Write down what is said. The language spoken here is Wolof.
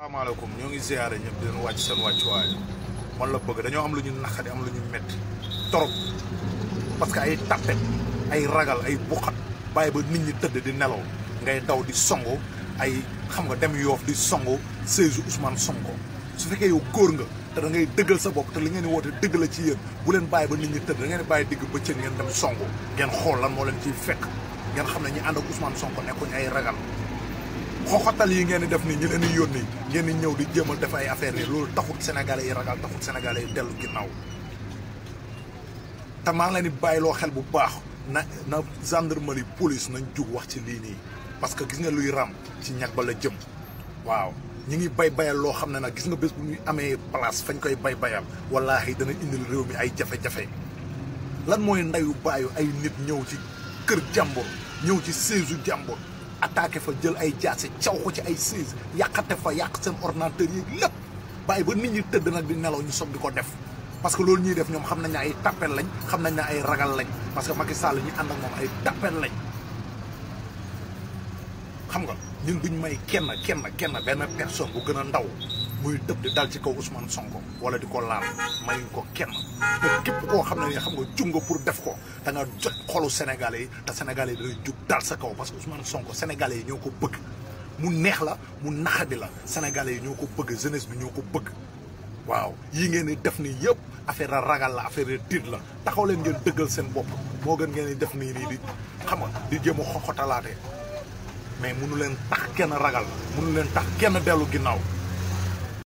asalaamaaleykum ñoo ngi ziare ñëpp di leen wàcc seen wàccuwaay man la bëgg dañoo am lu ñu naqari am lu ñu métti trop parce que ay tappet ay ragal ay buqat bàyyi ba nit ñi tëdd di nelaw ngay daw di songu ay xam nga dem yoof di songu siège Ousmane Sonko su fekkee yow góor nga te da ngay dëggal sa bopp te li ngeen di woote dëgg la ci yéen bu leen bàyyi ba nit ñi tëdd da ngeen bàyyi digg bëccëg ngeen dem songu ngeen xool lan moo leen ci fekk ngeen xam ne ñi ànd ak Sonko nekkuñ ay ragal xoxatal yi ngeen di def nii ñu leen di yónni ngeen di ñëw di jéem a ay affaires yi loolu taxut sénégalais yi ragal taxut sénégalais yi dellu ginnaaw te maa ngi bàyyiloo xel bu baax na na gendarmerie police nañ jug wax ci lii nii parce que gis nga luy ram ci ñag ba la jëm waaw ñi ngi bay bayal loo xam ne nag gis nga bés bu ñuy amee place fañ koy bay bayal wallaahi dana indil réew mi ay jafe-jafe lan mooy ndeyu baayu ay nit ñëw ci kër jàmbur ñëw ci séesu jàmbur attaqué fa jël ay jaase caw ko ci ay siis yàqate fa yàq seen ordinateur yi lépp bàyyi ba nit ñi tëdd nag di nelaw ñu soog di ko def parce que loolu ñuy def ñoom xam nañ ay tappel lañ xam nañ ne ay ragal lañ parce que Macky Sall ñu ànd ak moom ay tappel lañ xam nga ñun duñ may kenn kenn kenn benn personne bu gën a ndaw muy tëb di dal ci kaw Ousmane Sonko wala di ko laal mayuñ ko kenn te képp koo xam ne ni xam nga jug nga pour def ko da jot xolu Sénégalais yi te Sénégalais yi dañuy jug dal sa kaw parce que Ousmane Sonko Sénégalais yi ñoo ko bëgg mu neex la mu naxadi la Sénégalais yi ñoo ko bëgg jeunesse bi ñoo ko bëgg waaw yii ngeen di def nii yëpp affaire a ragal la affaire a tiit la taxaw leen ngeen dëggal seen bopp moo gën ngeen di def nii nii di xam nga di jéem a xoxotalaate mais munu leen tax kenn ragal munu leen tax kenn dellu ginnaaw